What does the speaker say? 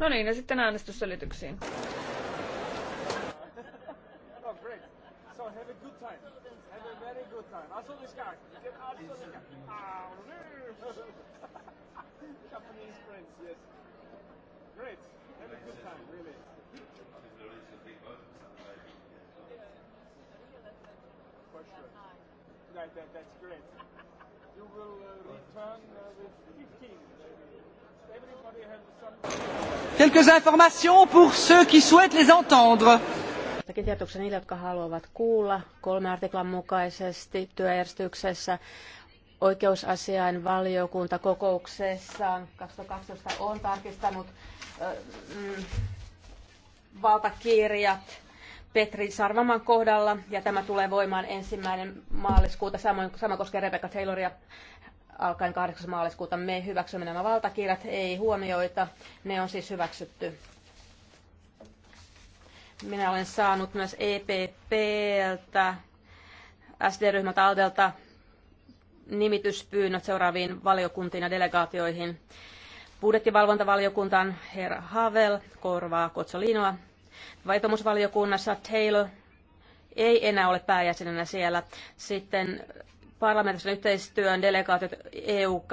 No niin, ja sitten äänestysselityksiin. Oh, Japanese That, that, that's great. You will uh, return. Uh, Quelques informations pour ceux qui souhaitent les entendre. Tiedotuksen niille, jotka haluavat kuulla kolme artiklan mukaisesti työjärjestyksessä oikeusasiain valiokunta kokouksessaan 2012 on tarkistanut ö, mm, valtakirjat Petri Sarvaman kohdalla, ja tämä tulee voimaan ensimmäinen maaliskuuta, samoin sama koskee Rebecca Tayloria alkaen 8. maaliskuuta. Me hyväksymme nämä valtakirjat, ei huomioita, ne on siis hyväksytty. Minä olen saanut myös EPPltä, SD-ryhmältä Aldelta nimityspyynnöt seuraaviin valiokuntiin ja delegaatioihin. Budjettivalvontavaliokuntaan herra Havel korvaa Kotsolinoa Vaitomusvaliokunnassa Taylor ei enää ole pääjäsenenä siellä. Sitten parlamentaarisen yhteistyön delegaatiot EU